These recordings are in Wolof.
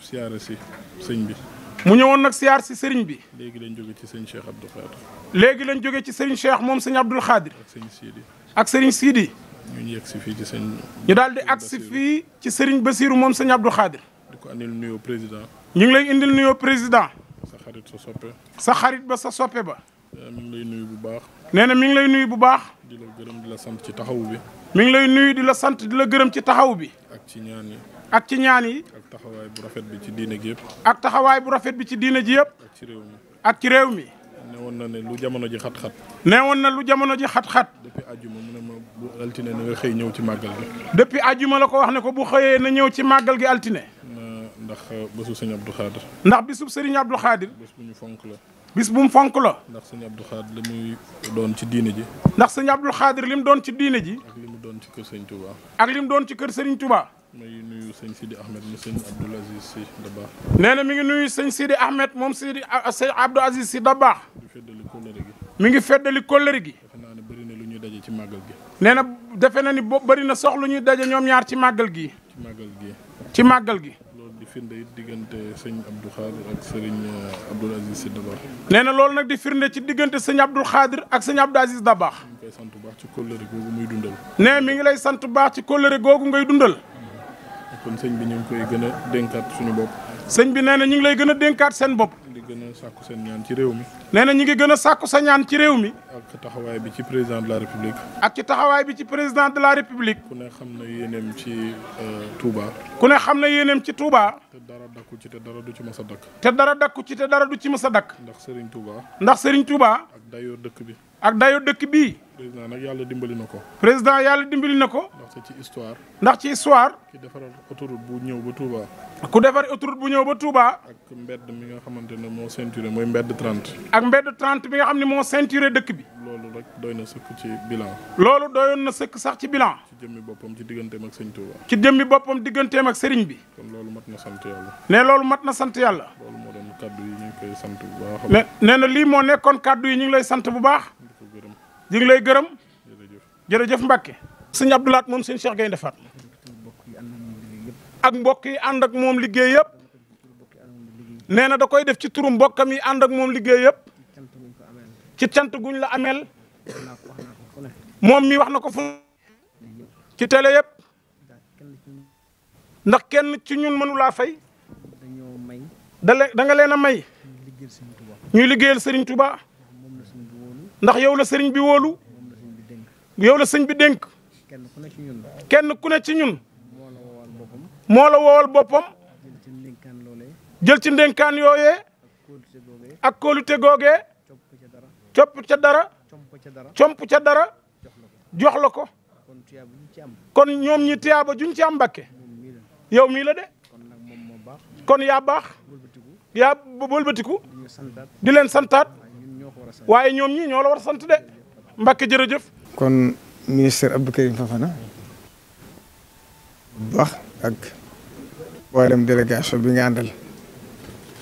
siyaare si sëñ bi. mu ñëwoon nag siyaar si sëriñ bi. léegi lañ jóge ci sëñ Cheikh léegi lañ jóge ci sëriñ Cheikh moom sëñ Abdou Khadir. ak sëñ ak sëriñ Sidi. ñu si fii ci sëñ. ñu daal di àgg si fii ci sëriñ Basirou moom sëñ Abdou Khadir. di nuyoo président. ñu ngi lay indil nuyoo président. sa xarit sa xarit ba sa soppe ba. mi ngi lay nuyu bu baax. nee na mi ngi lay nuyu bu baax. di la gërëm di la sant ci taxawu bi. mi ngi lay nuyu di la sant di la gërëm ci taxaw bi. ak ci ñaan yi. ak ci ñaan yi. ak taxawaay bu rafet bi ci diine ji yëpp. ak taxawaay bu rafet bi ci diine ji yëpp. ci réew mi ak ci réew mi. ne woon na ne lu jamono ji xat-xat. ne woon na lu jamono ji xat-xat. depuis àjjuma mu ne ma bu na xëy ñëw ci màggal gi. depuis àjjuma la ko wax ne ko bu xëyee na ñëw ci màggal gi altine. ndax bésu sëñ Abdou Khadir. ndax bésu sëriñ Abdou Khadir. bés bu ñu fonk la. bis bu mu fonk la. ndax sëñ Abdou Khadir li doon ci diine ji. ndax sëñ Abdou Khadir li mu doon ci diine ji. ak li mu doon ci kër sëñ Touba. ak li mu doon ci kër sëriñ Touba. may nuyu sëñ Sidi Ahmed mu sëñ Abdoul nee na mi ngi nuyu sëñ Sidi Ahmed moom Sidi ah, ah, sëñ Abdoul Aziz Sy Dabakh. mi ngi feddali kóllëre mi ngi feddali kóllëre gi. defe ne bëri na lu ñuy daje ci màggal gi. nee na defe na ni bo bëri na sox lu ñuy daje ñoom ñaar ci màggal gi. ci gi. ci màggal gi. di firnde diggante sëñ Abdou Khadir ak sëriñ eh, nee na loolu nag di firnde ci diggante sëñ Abdou Khadir ak sëñ Abdoul Aziz Dabakh. mi ngi lay sant baax ci kóllëre googu muy dundal. nee mi ngi lay sant bu baax ci kóllëre googu ngay dundal kon sëñ bi ñu ngi koy gën a dénkaat suñu bopp. sëñ bi nee na ñu ngi lay gën a dénkaat seen bopp. di gën a sàkku seen ñaan ci réew mi. nee na ñi ngi sa ñaan ci réew mi. ak taxawaay bi ci président de la république. ak ci taxawaay bi ci président de la république. ku ne xam na yéeneem ci euh, Touba. ku ne xam na yéeneem ci Touba. te dara dakku ci te dara du ci mës a dakk. te dara dakku ci te dara du ci mës a dakk. ndax Serigne Touba. ndax Serigne Touba. ak dayo dëkk bi. ak dayo dëkk bii. président nag yàlla dimbali na ko. président yàlla dimbali na ko. ndax ci histoire. ndax ci histoire. ki defaral autoroute bu ñëw defar autoroute bu ñëw ne moo mooy mbedd 30. ak mbedd 30 bi nga xam ne moo ceinturé dëkk bi. loolu rek doy na sëkk ci bilan. loolu doyoon na sëkk sax ci bilan. ci jëmmi boppam ci digganteem ak sëriñ Touba. ci jëmmi boppam digganteem ak sëriñ bi. kon loolu mat na sant yàlla. ne loolu mat na sant yàlla. moo doon kaddu yi ñu ne nee na lii moo nekkoon kaddu yi ñu ngi lay sant bu baax. ñu ngi lay gërëm. jërëjëf jërëjëf Mbacke. sëñ Abdoulaat moom sëñ Cheikh Gaynde Fatma. ak mbokk yi ànd ak moom liggéey yëpp nee na da koy def ci turu mbokkam mi ànd ak moom liggéey yëpp ci cant guñ la ameel moom mi wax na ko fu ci télé yëpp ndax kenn ci ñun mënulaa fay da da danga leen a may ñuy liggéeyal sëriñ Touba ndax yow la sëriñ bi woolu yow la sëñ bi dénk kenn ku ne ci ñun moo la woowal boppam jël ci ndénkaan yooyee ak te googee copp ca dara comp ca dara jox la ko kon ñoom ñi tiyaaba juñ ci am mbake yow mii la de kon yaa baax yaa bëlbatiku di leen santaat waaye ñoom ñi ñoo la war sant de mbakke jërëjëf kon ministre Abdou Karim Fafana bu baax ak boolem délégation bi nga àndal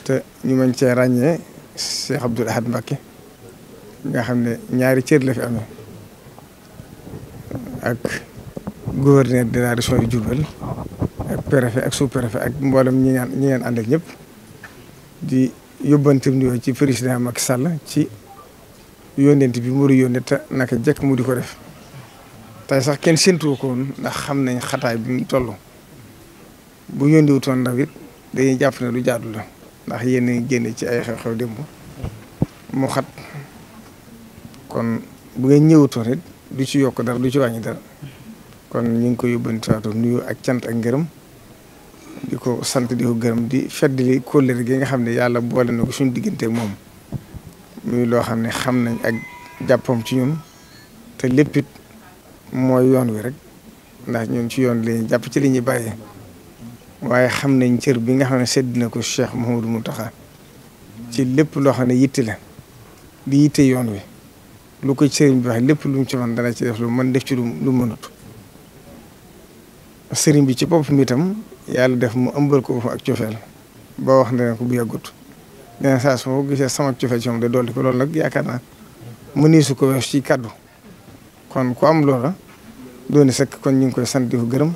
te ñu mañ cee ràññee Cheikh Abdoul Ahad Mbacké nga xam ne ñaari cër la fi amee ak gouverneur de la région de Diourbel ak préfet ak sous-préfet ak mboolem ñi ngeen ñi ngeen ànd ak ñëpp di yóbbantam nuyoo ci président Macky sàll ci yónneent bi mu yónnee te naka jekk mu di ko def tey sax kenn séntu ko woon ndax xam nañ xataay bi mu toll bu yónniwutoon ndaw it dañuy jàpp ne lu jaadu la. ndax yéen a génne ci ay xew-xew démb mu xat kon bu ngeen ñëwutoon it du ci yokk dara du ci wàññi dara kon ñu ngi ko yóbbantiwaatu nuyu ak cant ak ngërëm di ko sant di ko gërëm di feddali kóllëre gi nga xam ne yàlla boole na ko suñu moom muy loo xam ne xam nañ ak jàppam ci ñun te lépp mooy yoon wi rek ndax ñun ci yoon lañuy jàpp ci li ñuy bàyyee. waaye xam nañ cër bi nga xam ne sedd na ko seex moom du Mouhamadou Mountakha ci lépp loo xam ne yitte la di yitte yoon wi lu ko sëriñ bi wax lépp lu mu ci man dana man def ci lu lu mënut sëriñ bi ci boppam itam yàlla def mu ëmbal ko ak cofeel boo wax ne ko bu yàggut nee saa su ma gisee sama cofeel ci moom de dolli ko loolu nag yaakaar naa mënee su ko wees ci kàddu kon ku am loola dooni sekk kon ñu ngi koy sant di gërëm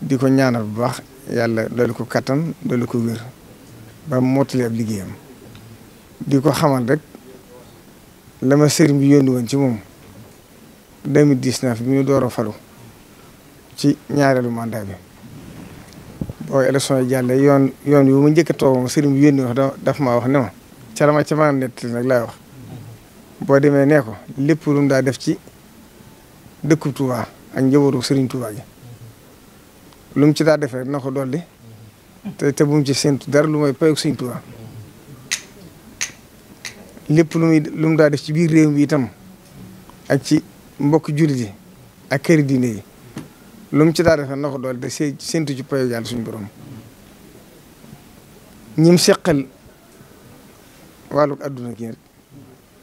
di ko ñaanal bu baax yàlla dolli ko kattan dolli ko wér ba mottali ab liggéeyam di ko xamal rek la ma sëriñ bi yónni woon ci moom 2019 bi ñu door a falu ci ñaareelu mandat bi boo élection yi jàlle yoon yoon yu mu njëkk a toog ma sëriñ bi yónni wax daf ma wax ne ma la ma ca maa nett nag laay wax boo demee nee ko lépp lu mu daa def ci dëkku Touba ak njabootu sëriñ Touba lu mu ci daa defe na ko dolli te te ci séntu dara lu may payog Sëñ Tuubaa lépp lu muy lu mu daa def ci biir réew mi tam ak ci mbokk jullit yi ak këri diine yi lu ci daa defee na ko dolli te see séntu ci payog Yàlla suñu borom ñim seqal wàllu adduna gi rek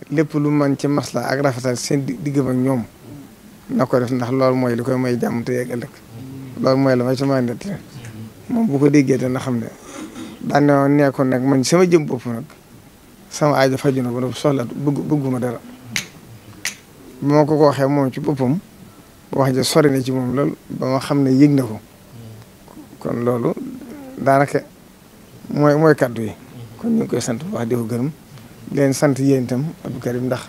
lépp lu man ci masla ak rafetal seen diggam ak ñoom na ko def ndax loolu mooy li koy may jàmm te yegg ëllëg loolu mooy la ma ci mën a moom bu ko déggee na xam ne daan na nekkoon nag man sama jëm bopp nag sama aajo faju na ba soxla bëgg bëgguma dara ba ma ko ko waxee moom ci boppam wax ja sori na ci moom loolu ba ma xam ne yëg na ko kon loolu daanaka mooy mooy kaddu yi. kon ñu koy sant bu baax di ko gërëm leen sant yéen itam Abdou Karim ndax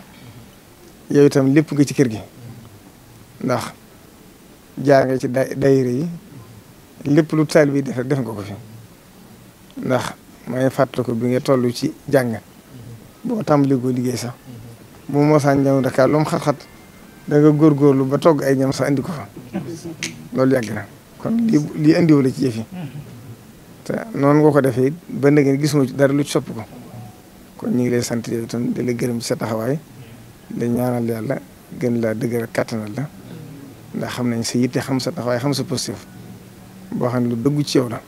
yow itam lépp nga ci kër gi ndax. jaaree ci daayira yi lépp lu taal bi def def nga ko fi ndax may fàttali bi nga toll ci jàng boo tàmbali ko liggéey sax bu mosaan ñëw Dakar lu mu xat-xat da nga góorgóorlu ba togg ay ñam sax indi ko fa loolu yàgg na kon lii lii indiwu la ci yëf te noonu nga ko defee ba léegi gisuma ci dara lu ci sopp ko kon ñu ngi lay sant yow itam gërëm ci sa taxawaay di ñaanal yàlla gën laa dëgër kattanal la. ndax xam nañ sa yitte xam sa taxawaay xam sa positif boo xam ne lu dëggu ci yow la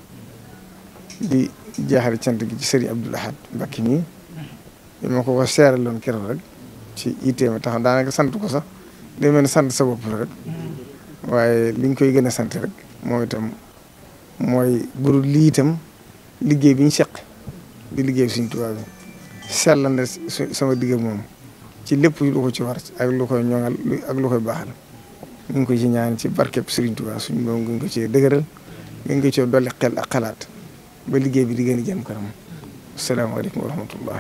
di jaaxal cant gi ci sëriñ Abdoul Ahad Mbacké mii ma ko ko seeraloon keroo rek ci yitte ma taxaw daanaka sant ko sax day mel sant sa bopp la rek koy gën a sant rek moom mooy guru lii itam liggéey bi ñu seq di liggéey suñu tubaab bi seetla na sama digg moom ci lépp lu ko ci war ak lu koy ñoŋal ak lu koy baaxal. ñu ngi ko ci ñaan ci barkeb Serigne Touba suñu borom gën ko cee dëgëral gën ko cee dolli xel ak xalaat ba liggéey bi di gën a jëm kanam asalaamaaleykum wa rahmatullah